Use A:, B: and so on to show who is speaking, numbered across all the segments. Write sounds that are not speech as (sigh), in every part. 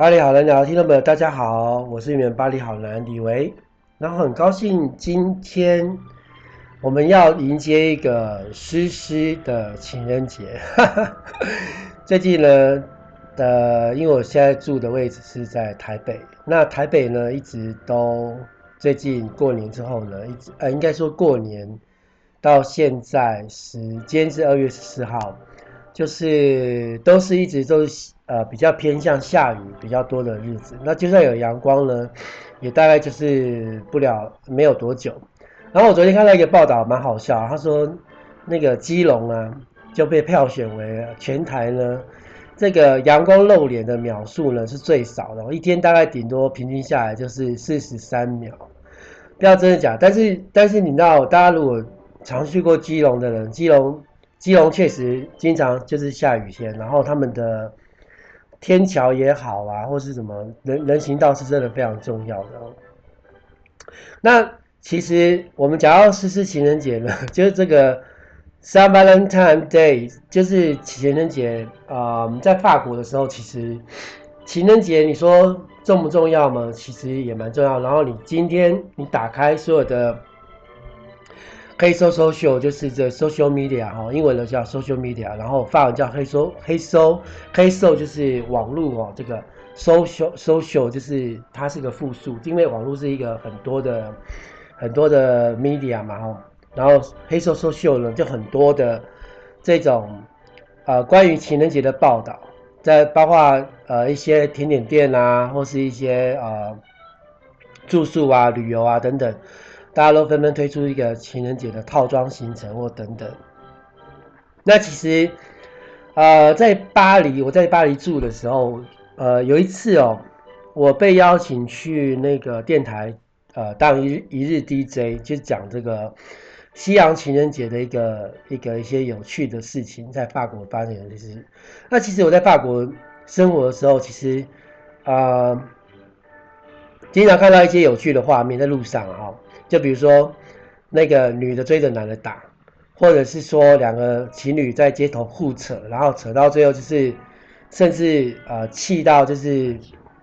A: 巴黎好男聊聽眾朋友，大家好，我是你們巴黎好男里維，然後很高興今天我們要迎接一個濕濕的情人節。哈哈，最近呢，的、呃，因為我現在住的位置是在台北，那台北呢一直都最近過年之後呢，一直呃應該說過年到現在時，時間是二月十四號。就是都是一直都是呃比較偏向下雨比較多的日子，那就算有陽光呢，也大概就是不了沒有多久。然後我昨天看到一個報道，蠻好笑啊，他說那個基隆啊就被票選為全台呢這個陽光露臉的秒數呢是最少的，一天大概頂多平均下來就是四十三秒。不要真的假？但是但是你知道，大家如果常去過基隆的人，基隆。基隆確實經常就是下雨天，然後他們的天橋也好啊，或是什麼人人行道是真的非常重要的。那其實我們講到西洋情人節呢，就是這個 Saint Valentine's Day，就是情人節啊。我們，呃，在法國的時候，其實情人節你說重不重要嘛？其實也蠻重要。然後你今天你打開所有的。黑、hey, 搜 so, social 就是這 social media 哈，英文呢叫 social media，然後法文叫黑搜黑搜黑搜就是網絡哦，這個 social social 就是它是一個複數，因為網絡是一個很多的很多的 media 嘛哈，然後黑、hey, 搜 so, social 呢就很多的這種呃關於情人節的報道，在包括呃一些甜點店啊，或是一些呃住宿啊、旅遊啊等等。大家都紛紛推出一個情人節的套裝行程，或等等。那其實，呃，在巴黎，我在巴黎住的時候，呃，有一次哦，我被邀請去那個電台，呃，當一日一日 DJ，就講這個西洋情人節的一個一個一些有趣的事情，在法國發生的事情。那其實我在法國生活的時候，其實，呃，經常看到一些有趣的畫面在路上啊。就比如說，那個女的追着男的打，或者是說兩個情侶在街頭互扯，然後扯到最後就是，甚至呃氣到就是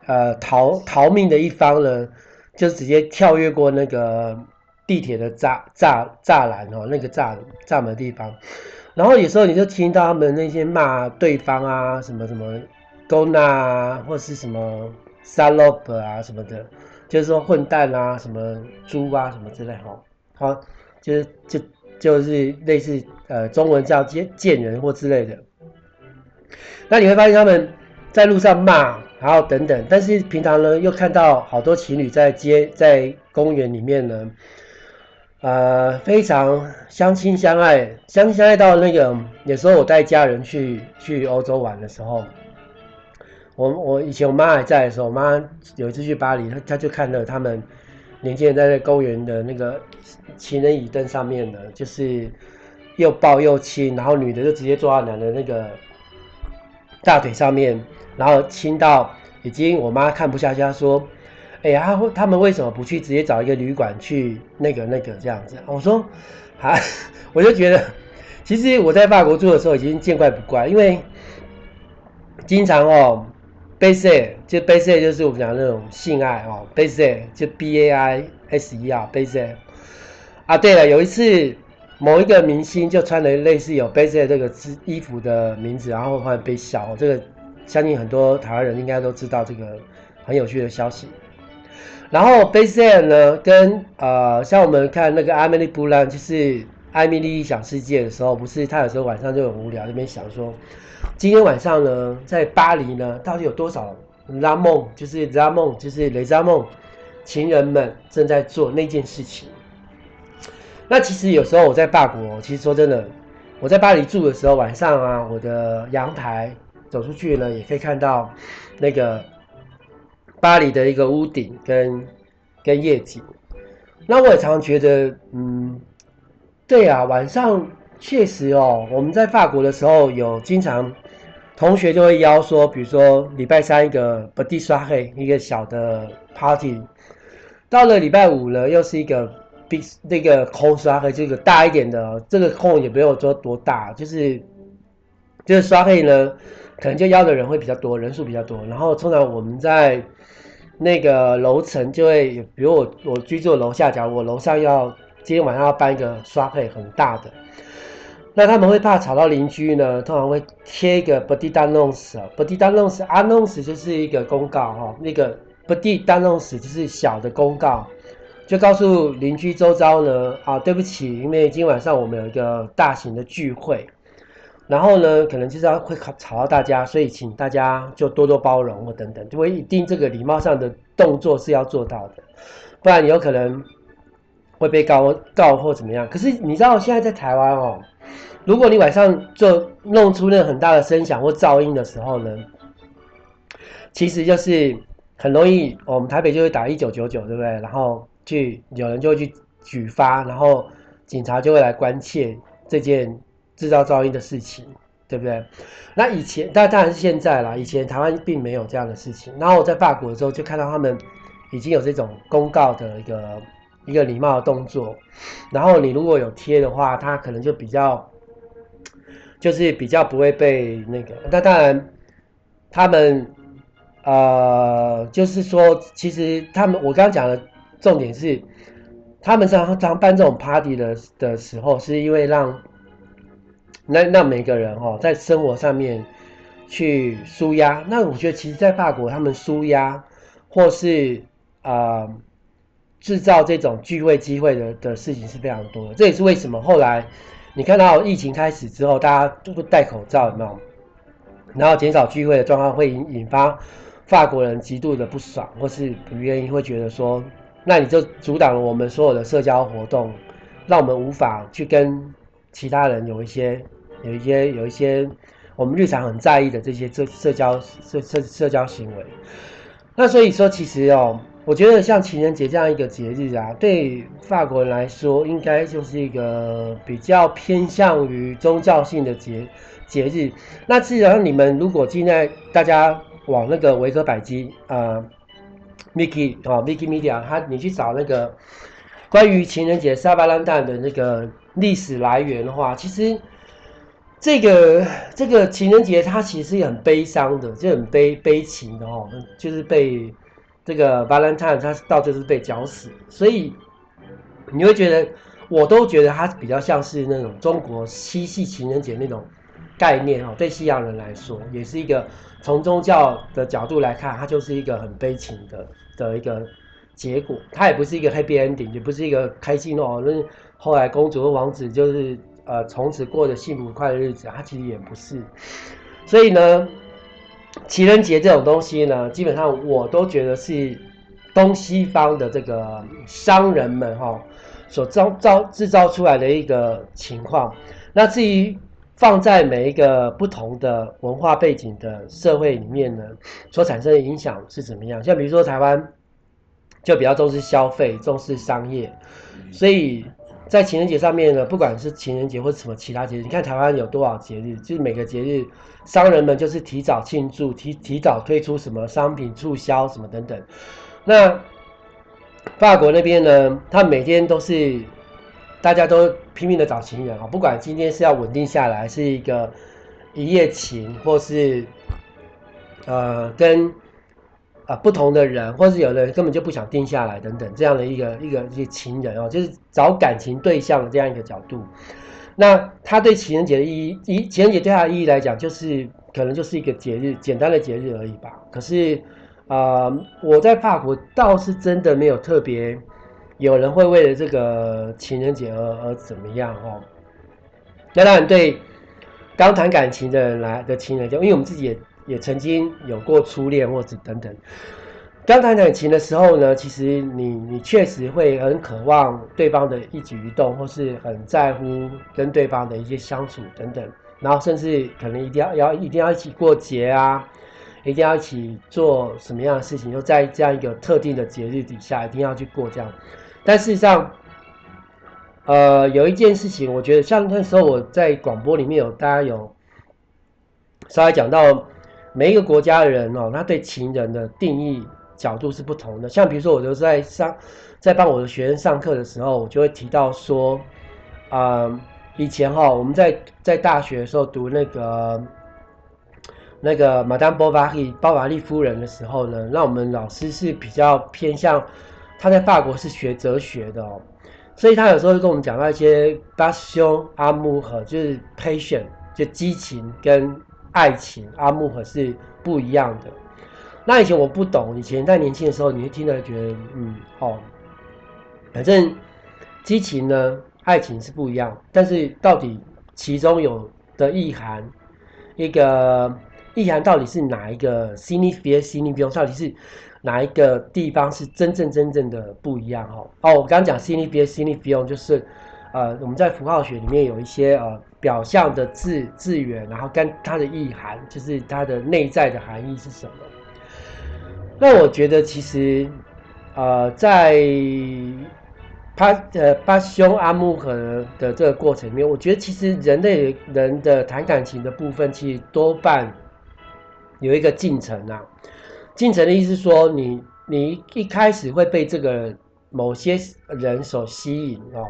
A: 呃逃逃命的一方呢，就直接跳躍過那個地鐵的柵柵柵欄哦，那個柵柵門的地方，然後有時候你就聽到他們那些罵對方啊，什麼什麼勾拿啊，或是什麼 salope 啊什麼的。就是說混蛋啊，什麼豬啊，什麼之類吼，好，就是就就是類似呃，中文叫賤賤人或之類的。那你會發現他們在路上罵，然後等等，但是平常呢又看到好多情侶在街，在公園裡面呢，呃，非常相親相愛，相親相愛到那個，有時候我帶家人去去歐洲玩的時候。我我以前我媽還在的時候，我媽有一次去巴黎，她她就看到他們年輕人在那公園的那個情人椅凳上面的，就是又抱又親，然後女的就直接坐到男的那個大腿上面，然後親到已經我媽看不下去，她說：“哎呀，她他們為什麼不去直接找一個旅館去那個那個這樣子？”我說：“啊，我就覺得其實我在法國住的時候已經見怪不怪，因為經常哦。” Base 就 Base 就是我們講的那種性愛哦，Base 就 B A I S E 啊，Base 啊，對了，有一次某一個明星就穿了類似有 Base 這個衣服的名字，然後後來被笑哦，這個相信很多台灣人應該都知道這個很有趣的消息。然後 Base 呢，跟呃像我們看那個艾米麗布朗，就是艾米麗小世界的時候，不是她有時候晚上就很無聊，就邊想說。今天晚上呢，在巴黎呢，到底有多少拉夢，就是拉夢，就是雷扎夢，情人們正在做那件事情？那其實有時候我在法國，其實說真的，我在巴黎住的時候，晚上啊，我的陽台走出去呢，也可以看到那個巴黎的一個屋頂跟跟夜景。那我也常常覺得，嗯，對啊，晚上確實哦，我們在法國的時候有經常。同學就會邀說，比如說禮拜三一個本地刷黑一個小的 party，到了禮拜五呢，又是一個比那個空刷黑，就是一個大一點的，這個空也沒有說多大，就是就是刷黑呢，可能就邀的人會比較多，人數比較多。然後通常我們在那個樓層就會，比如我我居住的樓下，假如我樓上要今天晚上要辦一個刷黑很大的。那他們會怕吵到鄰居呢，通常會貼一個 petit annonce，petit annonce，annonce 就是一個公告哈、哦，那個 petit annonce 就是小的公告，就告訴鄰居周遭呢，啊，對不起，因為今晚上我們有一個大型的聚會，然後呢，可能就是要會吵到大家，所以請大家就多多包容哦，等等，因為一定這個禮貌上的動作是要做到的，不然有可能會被告告或怎麼樣。可是你知道現在在台灣哦。如果你晚上就弄出那很大的聲響或噪音的時候呢，其實就是很容易，我們台北就會打一九九九，對不對？然後去有人就會去舉發，然後警察就會來關切這件制造噪音的事情，對不對？那以前，但當然是現在啦，以前台灣並沒有這樣的事情。然後我在法國的時候就看到他們已經有這種公告的一個一個禮貌的動作。然後你如果有貼的話，他可能就比較。就是比較不會被那個，那當然，他們，呃，就是說，其實他們，我剛剛講的重點是，他們常常辦這種 party 的的時候，是因為讓，那那每個人哦，在生活上面去舒壓。那我覺得，其實，在法國，他們舒壓或是啊，呃，制造這種聚會機會的的事情是非常多的，這也是為什麼後來。你看到疫情開始之後，大家都不戴口罩，有沒有？然後減少聚會的狀況會引發法國人極度的不爽，或是不願意，會覺得說，那你就阻擋了我們所有的社交活動，讓我們無法去跟其他人有一些、有一些、有一些我們日常很在意的這些社交社交社社社交行為。那所以說，其實哦。我覺得像情人節這樣一個節日啊，對法國人來說，應該就是一個比較偏向於宗教性的節節日。那既然你們如果現在大家往那個維基百科啊，維基啊維基媒體啊，呃 Mickey，哦、Media，他你去找那個關於情人節、撒巴蘭誕的那個歷史來源的話，其實這個這個情人節它其實也很悲傷的，就很悲悲情的哦，就是被。這個 Valentine 他到最後是被絞死，所以你會覺得，我都覺得他比較像是那種中國七夕情人節那種概念哦。對西洋人來說，也是一個從宗教的角度來看，它就是一個很悲情的的一個結果。它也不是一個 Happy Ending，也不是一個開心哦。那後來公主和王子就是呃從此過著幸福快樂的日子，它其實也不是。所以呢。情人節這種東西呢，基本上我都覺得是東西方的這個商人們哈所造造製造出來的一個情況。那至於放在每一個不同的文化背景的社會裡面呢，所產生的影響是怎麼樣？像比如說台灣，就比較重視消費，重視商業，所以。在情人節上面呢，不管是情人節或什麼其他節日，你看台灣有多少節日？就是每個節日，商人們就是提早慶祝，提提早推出什麼商品促銷什麼等等。那法國那邊呢，他每天都是大家都拼命的找情人啊，不管今天是要穩定下來，是一個一夜情，或是呃跟。啊、呃，不同的人，或是有人根本就不想定下來，等等這樣的一個一個一個情人哦，就是找感情對象的這樣一個角度。那他對情人節的意義，以情人節對他的意義來講，就是可能就是一個節日，簡單的節日而已吧。可是啊、呃，我在法國倒是真的沒有特別有人會為了這個情人節而而怎麼樣哦。那當然，對剛談感情的人來的情人節，因為我們自己也也曾經有過初戀或者等等，剛談感情的時候呢，其實你你確實會很渴望對方的一舉一動，或是很在乎跟對方的一些相處等等，然後甚至可能一定要要一定要一起過節啊，一定要一起做什麼樣的事情，就在這樣一個特定的節日底下一定要去過這樣。但事實上，呃，有一件事情，我覺得像那時候我在廣播裡面有大家有稍微講到。每一個國家的人哦，他對情人的定義角度是不同的。像比如說，我都在上，在幫我的學生上課的時候，我就會提到說，啊、嗯，以前哈、哦，我們在在大學的時候讀那個那個馬丹波瓦利、包法利夫人的時候呢，那我們老師是比較偏向他在法國是學哲學的哦，所以他有時候會跟我們講到一些 b a s s i o n a m u 就是 p a t i e n 就激情跟。愛情阿木可是不一樣的。那以前我不懂，以前在年輕的時候，你會聽到覺得，嗯，哦，反正激情呢，愛情是不一樣。但是到底其中有的意涵，那個意涵到底是哪一個 significance 到底是哪一個地方是真正真正的不一樣？哦，我剛剛講 significance 就是呃，我們在符號學裡面有一些呃。表象的字字源，然後跟它的意涵，就是它的內在的含義是什麼？那我覺得其實，呃，在巴呃 passion amour 的這個過程裡面，我覺得其實人類人的談感情的部分，其實多半有一個進程啊。進程的意思是說，你你一開始會被這個某些人所吸引哦，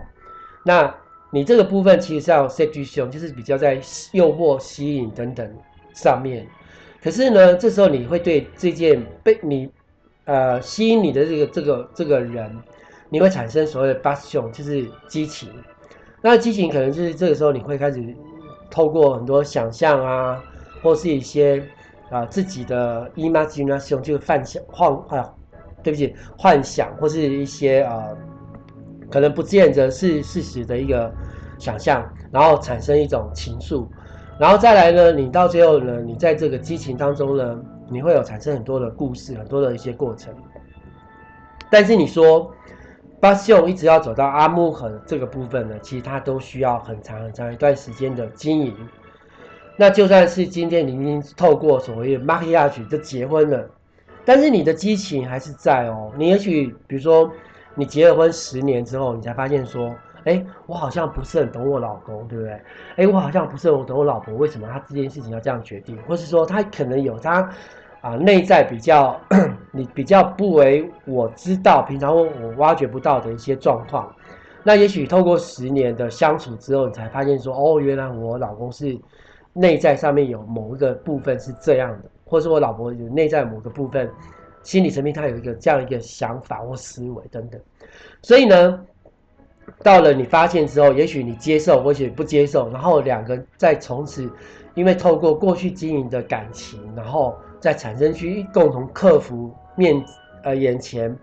A: 那。你這個部分其實叫 situation 就是比較在誘惑、吸引等等上面。可是呢，這時候你會對這件被你呃吸引你的這個這個這個人，你會產生所謂的 passion 就是激情。那激情可能就是這個時候你會開始透過很多想象啊，或是一些啊、呃、自己的 imagination 就是幻想幻啊、呃，對不起，幻想或是一些啊。呃可能不見得是事實的一個想象，然後產生一種情愫，然後再來呢，你到最後呢，你在這個激情當中呢，你會有產生很多的故事，很多的一些過程。但是你說，巴秀一直要走到阿木恆這個部分呢，其實他都需要很長很長一段時間的經營。那就算是今天你已經透過所謂的 mariage 去就結婚了，但是你的激情還是在哦，你也許比如說。你結了婚十年之後，你才發現說，哎，我好像不是很懂我老公，對不對？哎，我好像不是很懂我老婆，為什麼他這件事情要這樣決定，或是說他可能有他，啊、呃，內在比較， (coughs) 你比較不為我知道，平常我挖掘不到的一些狀況。那也許透過十年的相處之後，你才發現說，哦，原來我老公是內在上面有某一個部分是這樣的，或是我老婆有內在某個部分。心理層面，他有一個這樣一個想法或思維等等，所以呢，到了你發現之後，也許你接受，或許你不接受，然後兩個再從此，因為透過過去經營的感情，然後再產生去共同克服面，呃眼前，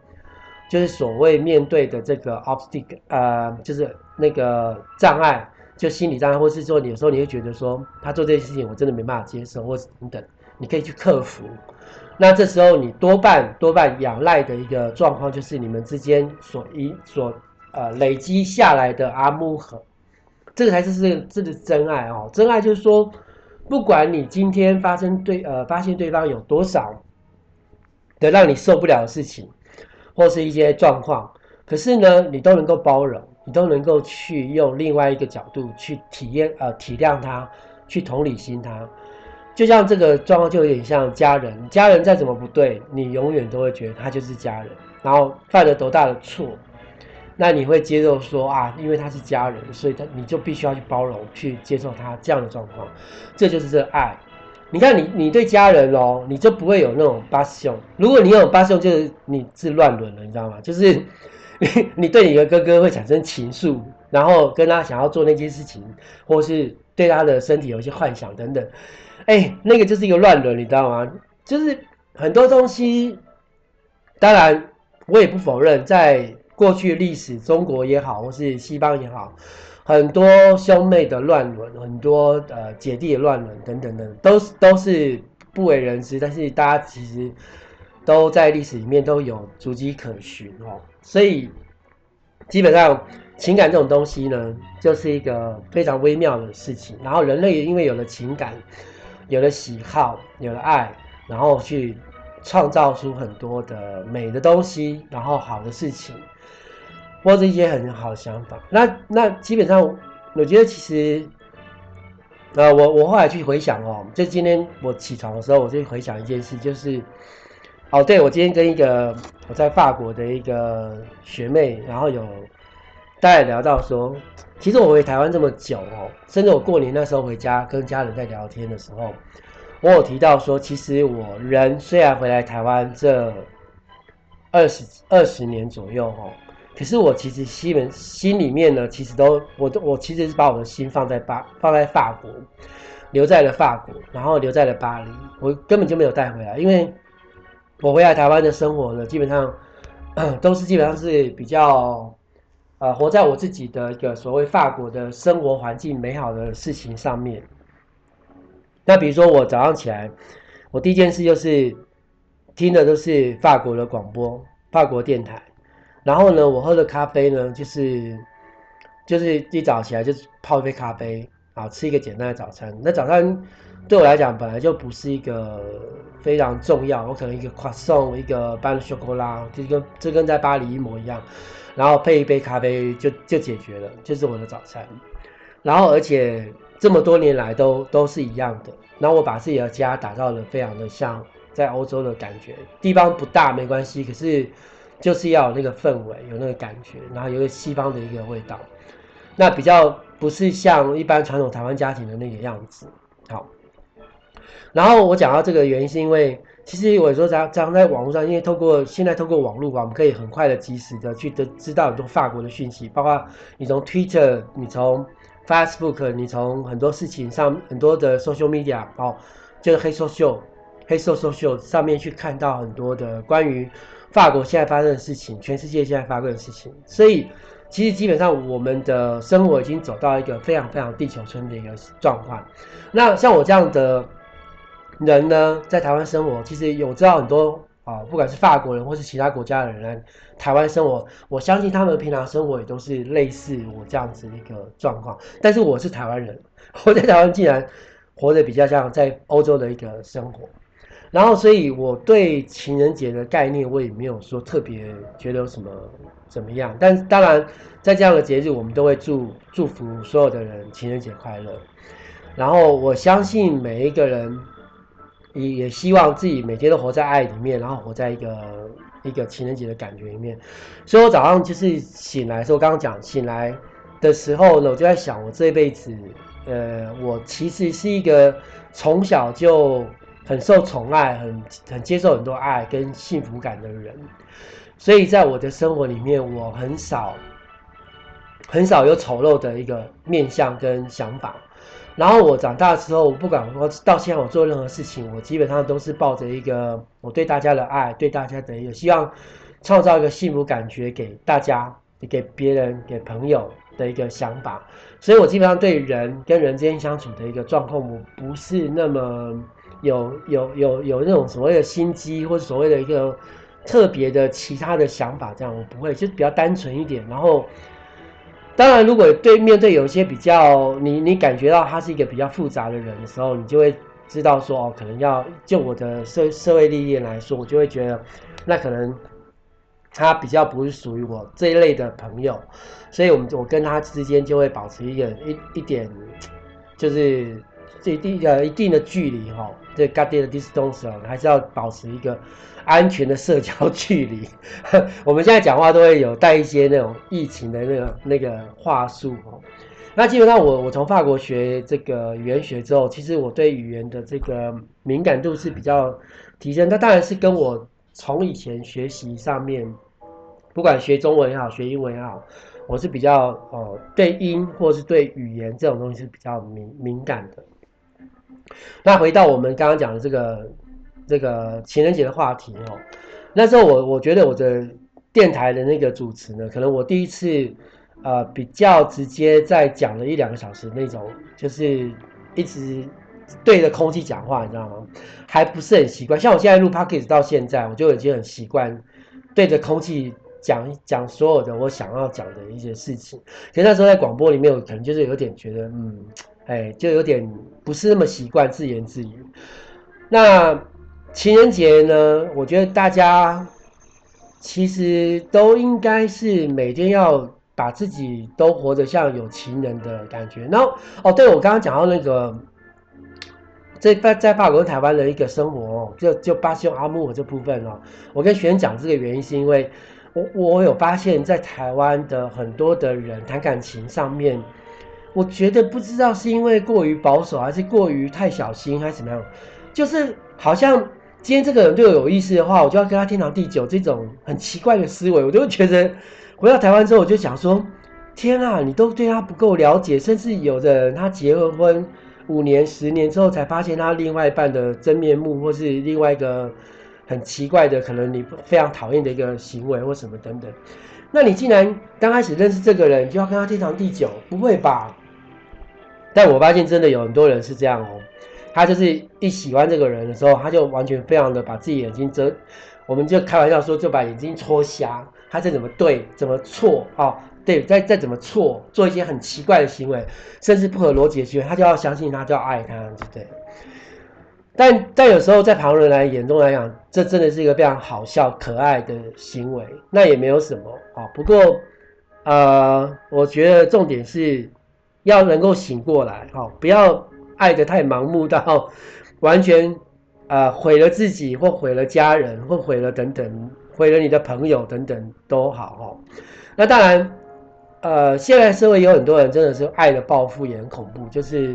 A: 就是所謂面對的這個 obstacle 呃，就是那個障礙，就心理障礙，或是說有時候你會覺得說他做這些事情我真的沒辦法接受或者等等，你可以去克服。那這時候，你多半多半仰賴的一個狀況，就是你們之間所一所呃累積下來的阿木和，這個才是這個這個真愛哦。真愛就是說，不管你今天發生對呃發現對方有多少的讓你受不了的事情，或是一些狀況，可是呢，你都能夠包容，你都能夠去用另外一個角度去體驗呃體諒他，去同理心他。就像這個狀況，就有點像家人。家人再怎麼不對，你永遠都會覺得他就是家人。然後犯了多大的錯，那你會接受說啊，因為他是家人，所以他你就必須要去包容、去接受他這樣的狀況。這就是這愛。你看你，你你對家人哦，你就不會有那種 passion。如果你有 passion，就是你是亂倫了，你知道嗎？就是你，你對你的哥哥會產生情愫，然後跟他想要做那件事情，或是對他的身體有一些幻想等等。哎、欸，那個就是一個亂倫,你知道嗎？就是很多東西，當然我也不否認，在過去歷史，中國也好，或是西方也好，很多兄妹的亂倫，很多呃姐弟的亂倫等等等，都是都是不為人知，但是大家其實都在歷史裡面都有足跡可循哦、喔。所以基本上情感這種東西呢，就是一個非常微妙的事情。然後人類因為有了情感。有了喜好，有了愛，然後去創造出很多的美的東西，然後好的事情，或者一些很好的想法。那那基本上，我覺得其實，呃，我我後來去回想哦，就今天我起床的時候，我就回想一件事，就是，哦，對，我今天跟一個我在法國的一個學妹，然後有。大家也聊到說，其實我回台灣這麼久哦，甚至我過年那時候回家跟家人在聊天的時候，我有提到說，其實我人雖然回來台灣這二十二十年左右哦，可是我其實心，心裡面呢，其實都我我其實是把我的心放在巴放在法國，留在了法國，然後留在了巴黎，我根本就沒有帶回來，因為我回來台灣的生活呢，基本上都是基本上是比較。呃，活在我自己的一個所謂法國的生活環境美好的事情上面。那比如說，我早上起來，我第一件事就是聽的都是法國的廣播，法國電台。然後呢，我喝的咖啡呢，就是就是一早起來就泡一杯咖啡啊，吃一個簡單的早餐。那早餐對我來講本來就不是一個非常重要，我可能一個 croissant，一個 banane chocolat，就跟這跟在巴黎一模一樣。然後配一杯咖啡就就解決了，就是我的早餐。然後而且這麼多年來都都是一樣的。然後我把自己的家打造得非常的像在歐洲的感覺，地方不大沒關係，可是就是要有那個氛圍，有那個感覺，然後有個西方的一個味道。那比較不是像一般傳統台灣家庭的那個樣子。好，然後我講到這個原因是因為。其實我說，常常在網絡上，因為透過現在透過網絡吧、啊，我們可以很快的、及時的去得知到很多法國的訊息，包括你從 Twitter、你從 Facebook、你從很多事情上、很多的 social media，哦，就是黑 social、黑社 social 上面去看到很多的關於法國現在發生的事情，全世界現在發生的事情。所以，其實基本上我們的生活已經走到一個非常非常地球村的一個狀況。那像我這樣的。人呢，在台灣生活，其實有知道很多啊、呃，不管是法國人或是其他國家的人，來台灣生活，我相信他們平常生活也都是類似我這樣子的一個狀況。但是我是台灣人，我在台灣竟然活得比較像在歐洲的一個生活。然後，所以我對情人節的概念，我也沒有說特別覺得有什麼怎麼樣。但當然，在這樣的節日，我們都會祝祝福所有的人情人節快樂。然後，我相信每一個人。也也希望自己每天都活在愛裡面，然後活在一個一個情人節的感覺裡面。所以我早上就是醒來的時候，所以我剛剛講醒來的時候呢，我就在想，我這一輩子，呃，我其實是一個從小就很受寵愛、很很接受很多愛跟幸福感的人。所以在我的生活裡面，我很少很少有醜陋的一個面相跟想法。然後我長大的時候，我不管我到現在，我做任何事情，我基本上都是抱着一個我對大家的愛，對大家的一個希望，創造一個幸福感覺給大家，給別人，給朋友的一個想法。所以我基本上對人跟人之間相處的一個狀況，我不是那麼有，有有有有那種所謂的心機，或者所謂的一個特別的其他的想法。這樣我不會，就是比較單純一點。然後。當然，如果對面對有一些比較，你你感覺到他是一個比較複雜的人的時候，你就會知道說哦，可能要就我的社社會歷練來說，我就會覺得那可能他比較不是屬於我這一類的朋友，所以我們我跟他之間就會保持一個一一點，就是。這一呃一定的距離哈，這 g u t t a distance 還是要保持一個安全的社交距離。 (laughs) 我們現在講話都會有帶一些那種疫情的那個那個話術哦。那基本上我我從法國學這個語言學之後，其實我對語言的這個敏感度是比較提升。它當然是跟我從以前學習上面，不管學中文也好，學英文也好，我是比較哦、呃、對音或是對語言這種東西是比較敏敏感的。那回到我們剛剛講的這個這個情人節的話題哦，那時候我我覺得我的電台的那個主持呢，可能我第一次，呃，比較直接在講了一兩個小時那種，就是一直對着空氣講話，你知道嗎？還不是很習慣。像我現在錄 Podcast 到現在，我就已經很習慣對着空氣講講所有的我想要講的一些事情。其實那時候在廣播裡面，我可能就是有點覺得，嗯。哎，就有點不是那麼習慣自言自語。那情人節呢？我覺得大家其實都應該是每天要把自己都活得像有情人的感覺。然後哦，對我剛剛講到那個在在法國台灣的一個生活，就就巴西阿姆這部分哦，我跟學員講這個原因是因為我我有發現，在台灣的很多的人談感情上面。我覺得不知道是因為過於保守，還是過於太小心，還是怎麼樣，就是好像今天這個人對我有意思的話，我就要跟他天長地久這種很奇怪的思維，我就會覺得回到台灣之後，我就想說，天啊，你都對他不夠了解，甚至有的人他結了婚五年、十年之後，才發現他另外一半的真面目，或是另外一個很奇怪的，可能你非常討厭的一個行為或什麼等等，那你既然剛開始認識這個人，就要跟他天長地久？不會吧？但我發現真的有很多人是這樣哦，他就是一喜歡這個人的時候，他就完全非常的把自己眼睛遮，我們就開玩笑說就把眼睛戳瞎，他再怎麼對怎麼錯啊，哦，對，再再怎麼錯，做一些很奇怪的行為，甚至不合邏輯的行為，他就要相信他，就要愛他，對。但但有時候在旁人來眼中來講，這真的是一個非常好笑可愛的行為，那也沒有什麼啊，哦。不過，呃，我覺得重點是。要能夠醒過來，不要愛得太盲目到完全，呃，毀了自己或毀了家人或毀了等等，毀了你的朋友等等都好。那當然，呃，現在社會有很多人真的是愛的報復也很恐怖，就是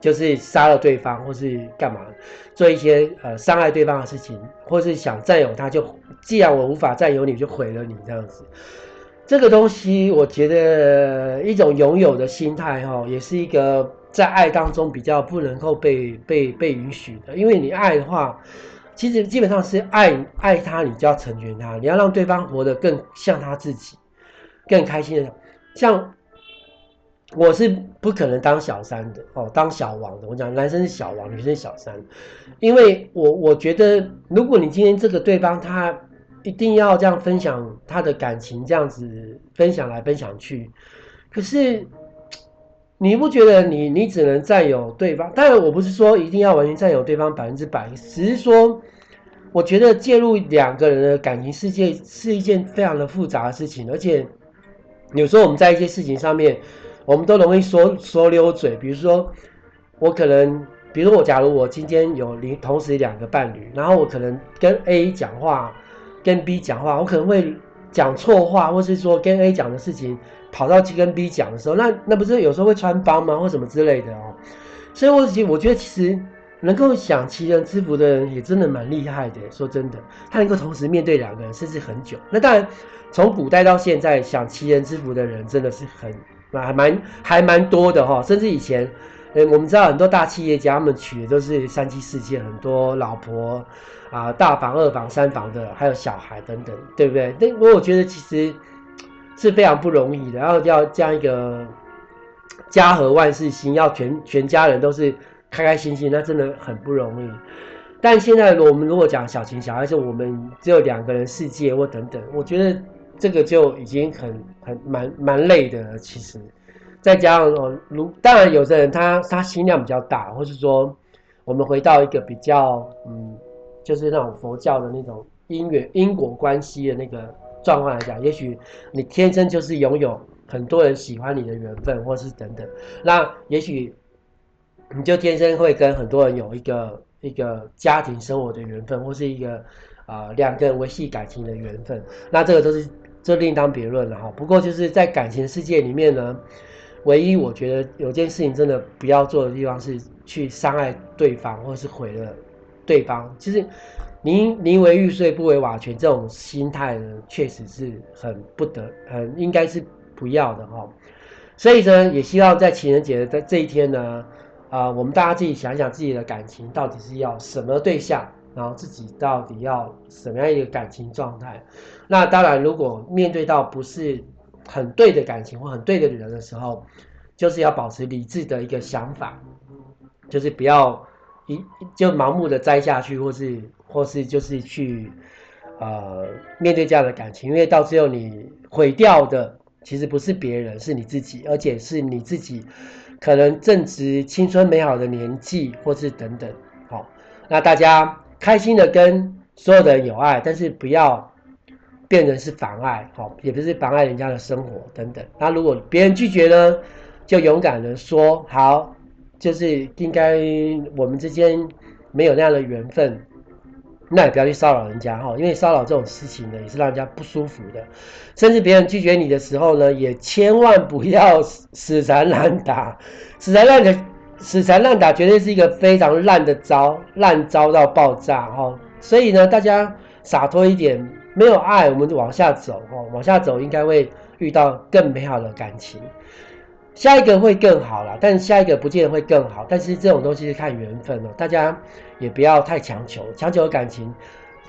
A: 就是殺了對方或是幹嘛，做一些呃傷害對方的事情，或是想占有他就，既然我無法占有你，就毀了你這樣子。這個東西，我覺得一種擁有的心態哈，也是一個在愛當中比較不能夠被被被允許的，因為你愛的話，其實基本上是愛愛他，你就要成全他，你要讓對方活得更像他自己，更開心的。像我是不可能當小三的哦，當小王的。我講男生是小王，女生是小三，因為我我覺得，如果你今天這個對方他。一定要這樣分享他的感情，這樣子分享來分享去，可是你不覺得你你只能佔有對方？當然，我不是說一定要完全佔有對方百分之百，只是說，我覺得介入兩個人的感情世界是一件非常的複雜的事情，而且有時候我們在一些事情上面，我們都容易說說溜嘴。比如說，我可能，比如說我假如我今天有零同時兩個伴侶，然後我可能跟 A 講話。跟 B 講話，我可能會講錯話，或是說跟 A 講的事情，跑到去跟 B 講的時候，那那不是有時候會穿幫嗎？或什麼之類的哦。所以我其實，我覺我覺得其實能夠享齊人之福的人，也真的蠻厲害的。說真的，他能夠同時面對兩個人，甚至很久。那當然，從古代到現在，享齊人之福的人，真的是很、還蠻、還蠻多的哈、哦。甚至以前誒，我們知道很多大企業家，他們娶的都是三妻四妾，很多老婆。啊、呃，大房、二房、三房的，還有小孩等等，對不對？那我我覺得其實是非常不容易的。然後要這樣一個家和萬事興，要全全家人都是開開心心，那真的很不容易。但現在我們如果講小情小愛，是我們只有兩個人世界或等等，我覺得這個就已經很很蠻蠻累的。其實再加上哦，如當然，有些人他他心量比較大，或是說我們回到一個比較嗯。就是那種佛教的那種因緣因果關係的那個狀況來講，也許你天生就是擁有很多人喜歡你的緣分，或是等等，那也許你就天生會跟很多人有一個一個家庭生活的緣分，或是一個啊、呃、兩個人維繫感情的緣分，那這個都是這另當別論了哈。不過就是在感情世界裡面呢，唯一我覺得有件事情真的不要做的地方是去傷害對方，或是毀了。對方其實你，寧寧為玉碎不為瓦全這種心態呢，確實是很不得，呃，應該是不要的哈、哦。所以呢，也希望在情人節的這一天呢，啊、呃，我們大家自己想想自己的感情到底是要什麼對象，然後自己到底要什麼樣一個感情狀態。那當然，如果面對到不是很對的感情或很對的人的時候，就是要保持理智的一個想法，就是不要。一就盲目的栽下去，或是或是就是去，呃，面對這樣的感情，因為到最後你毀掉的其實不是別人，是你自己，而且是你自己可能正值青春美好的年紀，或是等等，好、哦，那大家開心的跟所有的人有愛，但是不要變成是妨礙，好、哦，也不是妨礙人家的生活等等。那如果別人拒絕呢，就勇敢的說好。就是應該我們之間沒有那樣的緣分，那也不要去騷擾人家哈，因為騷擾這種事情呢，也是讓人家不舒服的。甚至別人拒絕你的時候呢，也千萬不要死纏爛打，死纏爛纏，死纏爛打絕對是一個非常爛的招，爛招到爆炸哈。所以呢，大家灑脫一點，沒有愛我們就往下走哈，往下走應該會遇到更美好的感情。下一個會更好啦，但下一個不見得會更好。但是這種東西是看緣分哦，大家也不要太強求。強求感情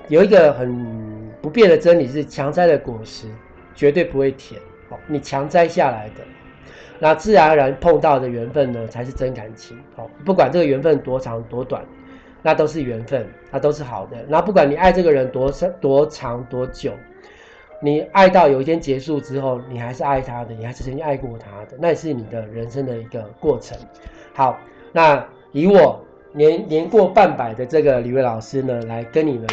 A: 有一個很不變的真理是：強摘的果實絕對不會甜哦。你強摘下來的，那自然而然碰到的緣分呢，才是真感情哦。不管這個緣分多長多短，那都是緣分，那都是好的。然後不管你愛這個人多長多長多久。你愛到有一天結束之後，你還是愛他的，你還是曾經愛過他的，那也是你的人生的一個過程。好，那以我年年過半百的這個里維老師呢，來跟你們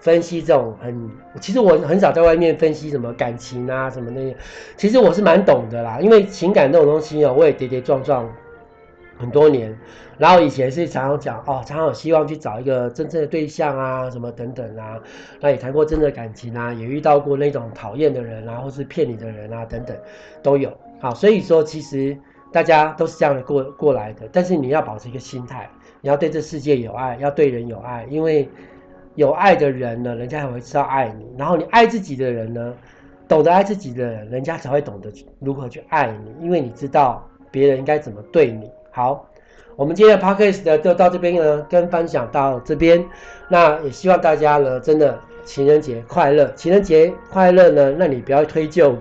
A: 分析這種很，其實我很少在外面分析什麼感情啊什麼那些，其實我是蠻懂的啦，因為情感這種東西哦、喔，我也跌跌撞撞，很多年，然後以前是常常講哦，常常有希望去找一個真正的對象啊，什麼等等啊，那也談過真的感情啊，也遇到過那種討厭的人啊，或是騙你的人啊，等等都有啊。所以說，其實大家都是這樣的過過來的。但是你要保持一個心態，你要對這世界有愛，要對人有愛，因為有愛的人呢，人家才會知道愛你。然後你愛自己的人呢，懂得愛自己的人，人家才會懂得如何去愛你，因為你知道別人應該怎麼對你。好，我們今天的 podcast 就到這邊呢，跟分享到這邊。那也希望大家呢，真的情人節快樂。情人節快樂呢，那你不要推就，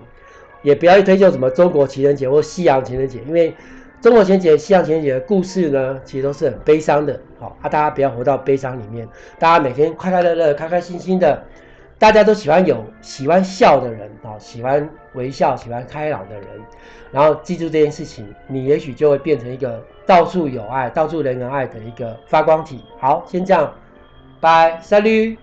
A: 也不要去推就什麼中國情人節或西洋情人節，因為中國情人節、西洋情人節的故事呢，其實都是很悲傷的。好啊，大家不要活到悲傷裡面，大家每天快快樂樂、開開心心的。大家都喜歡有喜歡笑的人啊，喜歡微笑、喜歡開朗的人，然後記住這件事情，你也許就會變成一個到處有愛、到處人人愛的一個發光體。好，先這樣，拜，Salut。